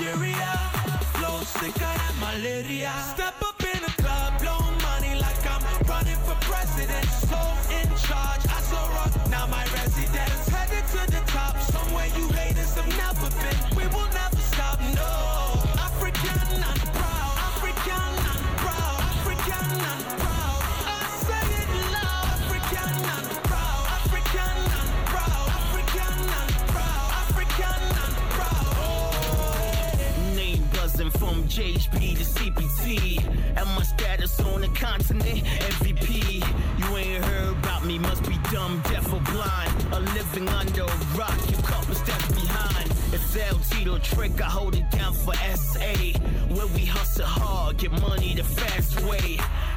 Nigeria. Flow sicker than malaria. Step up in the club, blow money like I'm running for president. So in charge, I saw rock, now my residence. Headed to the top, somewhere you haters have never finest on the continent. MVP, you ain't heard about me, must be dumb, deaf, or blind. A living under a rock, you couple steps behind. It's El Tito trick, I hold it down for SA. Where we hustle hard, get money the fast way.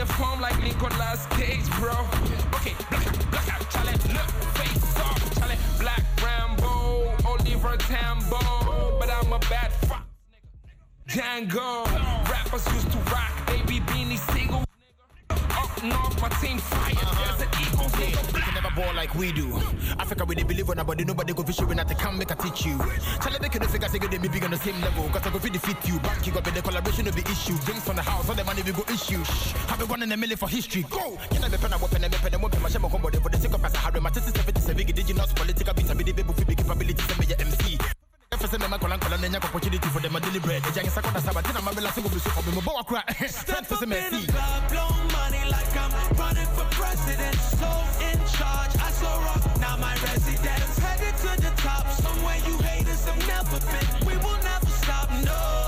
their form like Lincoln last cage, bro. Okay, black, black out, challenge, look, face off, challenge, black Rambo, Oliver Tambo, but I'm a bad fuck. Django, rappers used to rock, baby beanie single. Up north, my team fire, there's an eagle, here ball like we do. Africa, we they believe on nobody, nobody go fish when I can make a teach you. Tell them they can figure say they be big on the same level. Cause I go fit defeat you. Back you got in the collaboration of the issue. Drinks on the house, all the money we go issue. Shh. Have been one in a million for history. Go! Can I be pen and weapon and weapon and weapon? My shame on combo for the sake of us. I have my 77 big digital political beats. I be the baby with capabilities. I me your MC. I'm makola nkola nenya them a deliberate eja ngisa kwa saba tina mabela singo bisu kwa money like I'm running for president so in charge I so rock now my residence headed to the top somewhere you haters have never been we will never stop no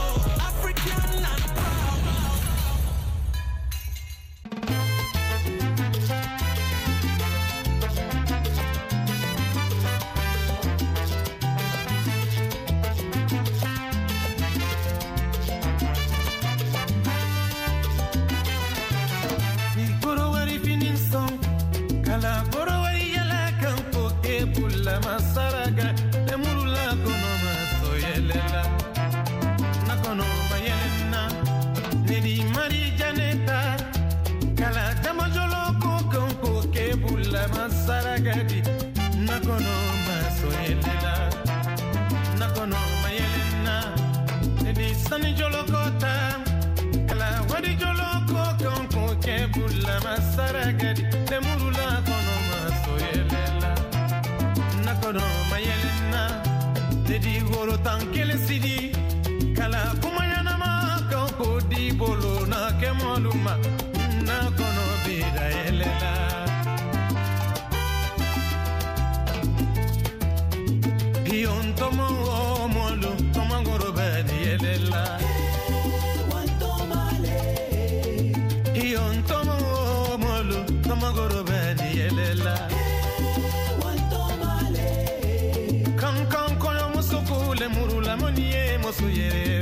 lemurula kono masoyelela na kono mayelenna dedi woro tan sidi kala kumayanama kan ko di bolo na kɛmɔlu posso ir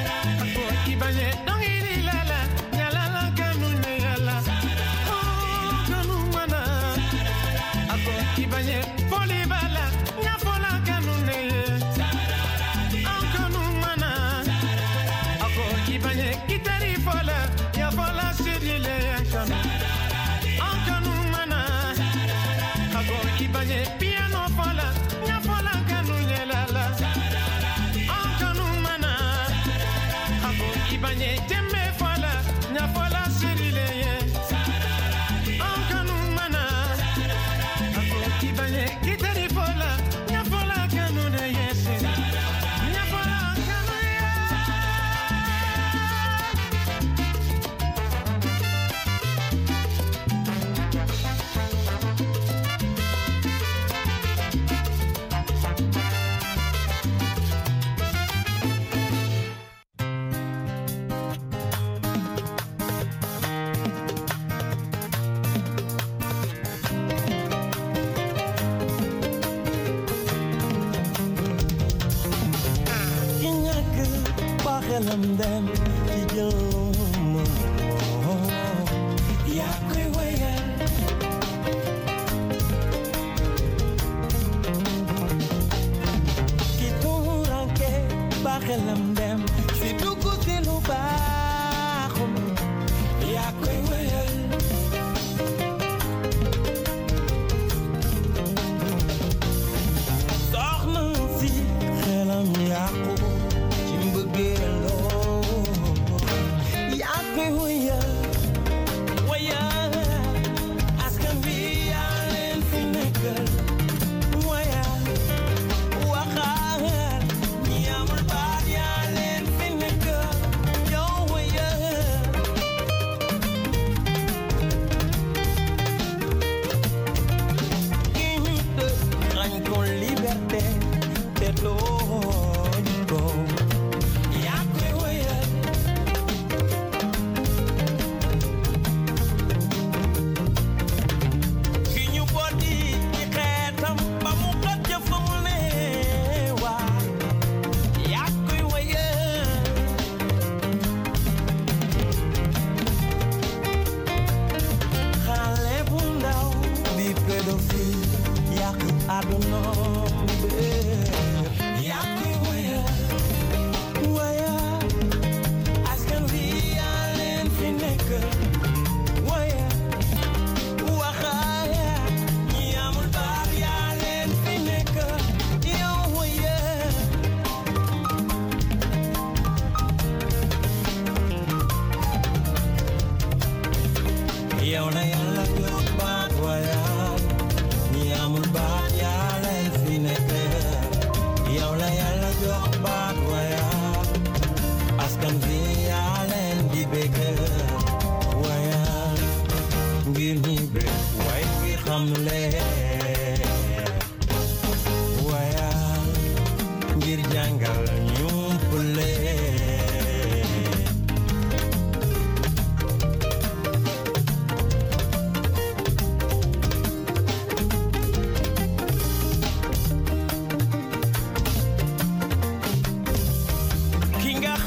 And then.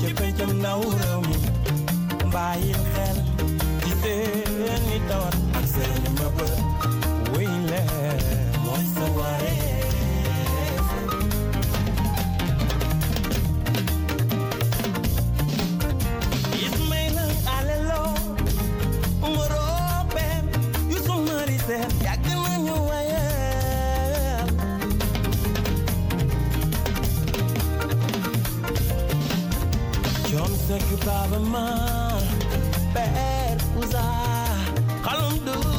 ci pencam ndaw mi xel teen ni tawat ak seen wéy mooy sa waree Sanki babama, per usar, calum do.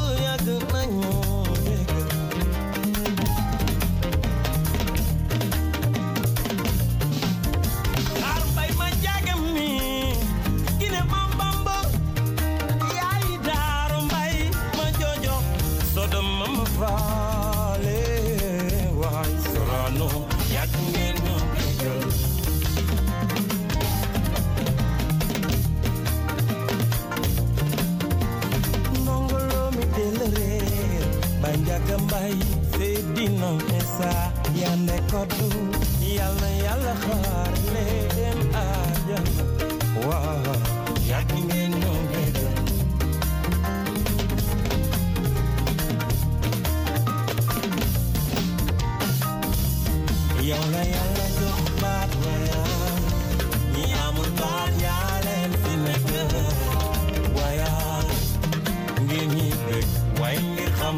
waay te dina esa yande kodu yàlla yàlla xaar leen ajana ya yàgg ngeen ñoo bëgg ya la yàlla jox baat ya ya amul baat ya leen fi nekk ya ngir ñi bëgg waaye ngir xam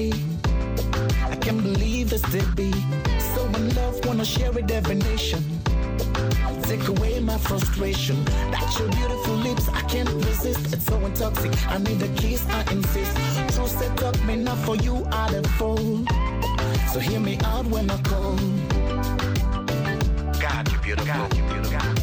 I can't believe this to be. So in love, wanna share a definition. Take away my frustration. That your beautiful lips, I can't resist. It's so intoxicating. I need a kiss, I insist. True set up me not for you, I the fool. So hear me out when I call. God, you beautiful. God, you beautiful. God.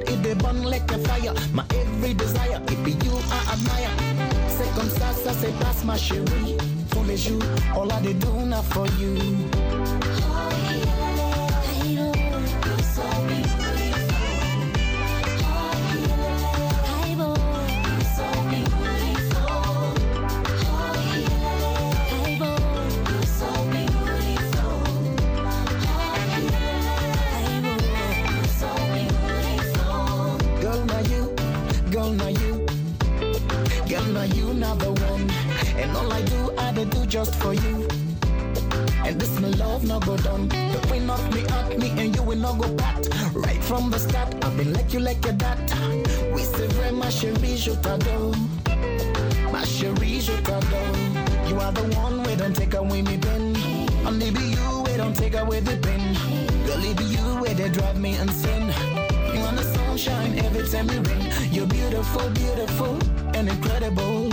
inside, it they burn like a fire. My every desire, it be you I admire. Second comme say pass my sherry. ma chérie. Tous all I do now for you. Oh, yeah. just for you. And this my love no go done. The win off me at me and you will not go pat. Right from the start, I've been like you like your dad. We say very ma chérie, je t'adore. Ma chérie, je t'adore. You are the one we don't take away me pen. Only be you we don't take away the pen. Girl, it be you where they drive me insane. You want the sunshine every time you rain. You're beautiful, beautiful and incredible.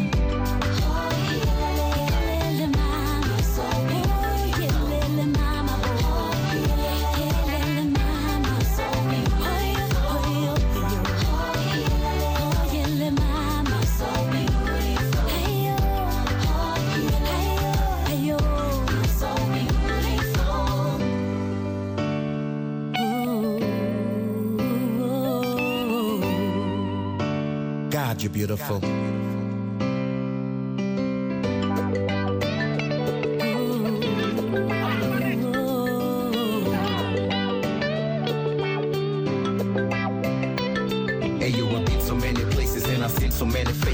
you're beautiful.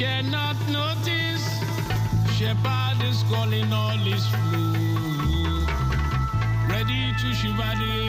cannot notice. Shepherd is calling all his flock, ready to shiver the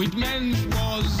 with men's was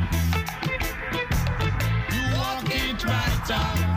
time.